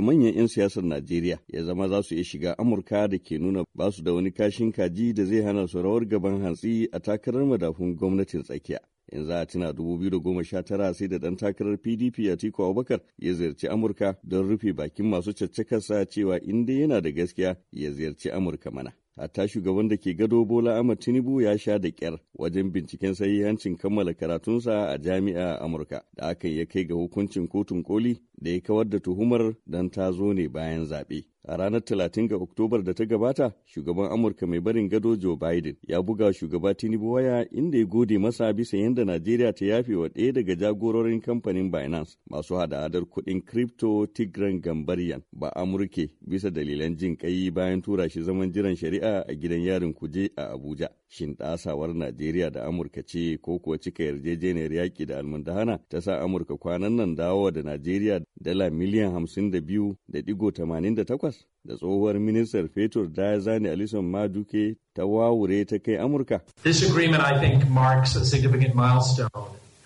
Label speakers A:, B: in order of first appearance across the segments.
A: a manyan 'yan siyasar Najeriya ya zama za su iya shiga Amurka da ke nuna ba su da wani kashin kaji da zai hana su rawar gaban hantsi a takarar madafun gwamnatin tsakiya. in za a tuna 2019 sai da ɗan takarar pdp a tiko abubakar ya ziyarci amurka don rufe bakin masu caccakarsa cewa inda yana da gaskiya ya ziyarci amurka mana hatta shugaban da ke gado bola ahmad tinubu ya sha da kyar wajen binciken sahihancin kammala karatunsa a jami'a Amurka da aka ya kai ga hukuncin kotun koli da ya kawar da tuhumar don ta zo ne bayan zaɓe. A ranar 30 ga Oktobar da ta gabata, shugaban Amurka mai barin gado Joe Biden ya buga shugaba Tinubu waya inda ya gode masa bisa yadda Najeriya ta yafe wa ɗaya daga jagororin kamfanin Binance masu hada-hadar kuɗin crypto Tigran Gambarian ba Amurke bisa dalilan jin ƙai bayan tura shi zaman jiran shari'a a gidan yarin kuje a Abuja. shin ɗasawar Najeriya da Amurka ce ko kuwa cika yarjejeniyar yaƙi da almundahana ta sa Amurka kwanan nan dawowa da Najeriya dala miliyan hamsin da biyu da digo tamanin da takwas da tsohuwar ministar fetur zane Alison Maduke ta wawure ta kai Amurka.
B: This agreement I think marks a significant milestone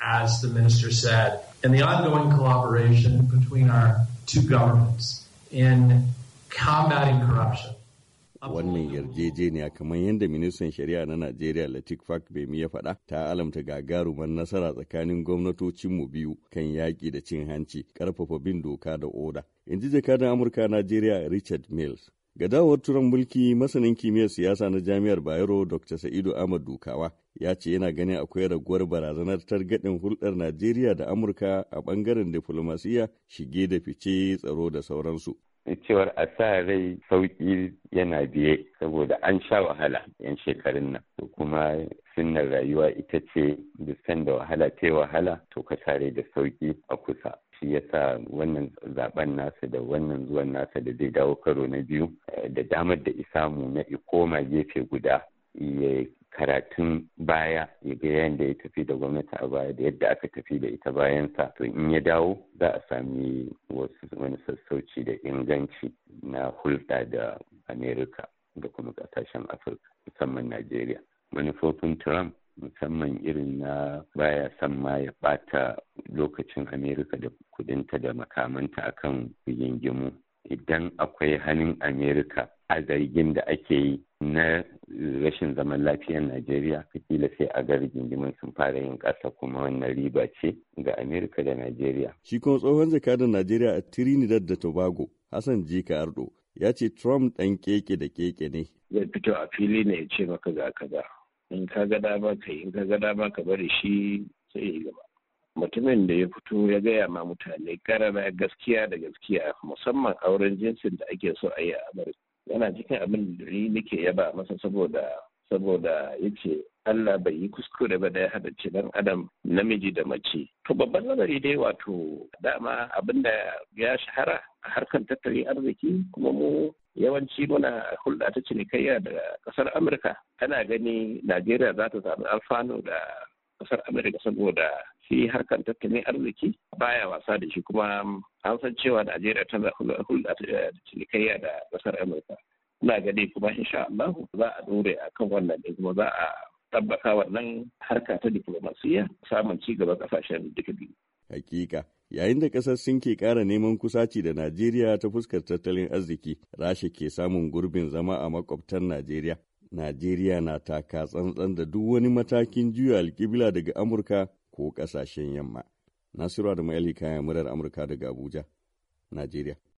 B: as the minister said in the ongoing collaboration between our two governments in combating corruption.
A: Wannan yarjejeniya kamar yadda ministan shari'a na Najeriya Latik Fak Bemi ya faɗa ta alamta gagarumar nasara tsakanin gwamnatocinmu biyu kan yaƙi da cin hanci, ƙarfafa bin doka da oda. In ji jakadan Amurka Najeriya Richard Mills. Ga dawowar turan mulki masanin kimiyyar siyasa na Jami'ar Bayero Dr. Sa'idu Ahmad Dukawa ya ce yana ganin akwai raguwar barazanar targaɗin hulɗar Najeriya da Amurka a ɓangaren diflomasiyya shige da fice tsaro da sauransu. cewar a sa rai
C: sauƙi
A: yana biye saboda an sha
C: wahala yan shekarun nan to kuma sunnar rayuwa ita ce san da wahala ta wahala to ka sa rai da sauƙi a kusa shi yasa wannan zaben nasa da wannan zuwan nasa da zai dawo karo na biyu eh, da damar da isamu na ikoma gefe guda ya karatun baya ya ga yadda ya tafi da gwamnati a baya da yadda aka tafi da ita bayan sa to in ya dawo za a sami wasu wani sassauci da inganci na hulɗa da amerika da kuma ƙasashen afirka musamman najeriya manufofin trump musamman irin na baya son ma ya bata lokacin amerika da kudinta da makamanta akan yingimu idan akwai hannun amerika a zargin da ake yi na rashin zaman lafiyar Najeriya kila sai a ga rigingimin sun fara yin ƙasa kuma wannan riba ce ga Amerika da Najeriya.
A: Shi kuma tsohon jakadar Najeriya a Trinidad da Tobago, Hassan Jika Ardo, ya ce Trump ɗan keke da keke ne. Zai fito a fili ne ya ce maka ga kaza. In ka ga dama ka yi, in ka ga dama ka bari shi sai
B: ya gaba. Mutumin da ya fito ya gaya ma mutane karara gaskiya da gaskiya musamman auren jinsin da ake so a yi a Amurka. yana cikin abin da ni nake yaba masa saboda saboda yace Allah bai yi kuskure ba da ya hada ce dan adam namiji da mace. To babban nazari dai wato dama abin da ya shahara a harkan tattalin arziki kuma mu yawanci muna hulɗa ta cinikayya da ƙasar Amurka. Ana gani Najeriya za ta samu alfanu da ƙasar Amurka saboda shi harkar tattalin arziki baya wasa da shi kuma an san cewa Najeriya a hulɗa da cinikayya da ƙasar Amurka. Ina ga dai kuma insha Allah za a dore a kan wannan ne kuma za a tabbata wannan harka ta diplomasiya samun ci
A: gaba ƙasashen duka biyu. Hakika. Yayin da ƙasar sun ke kara neman kusaci da Najeriya ta fuskar tattalin arziki, Rasha ke samun gurbin zama a makwabtan Najeriya. Najeriya na taka tsantsan da duk wani matakin juya alƙibla daga Amurka ko ƙasashen yamma. Nasiru Adamu Ali kayan murar Amurka daga Abuja, Najeriya.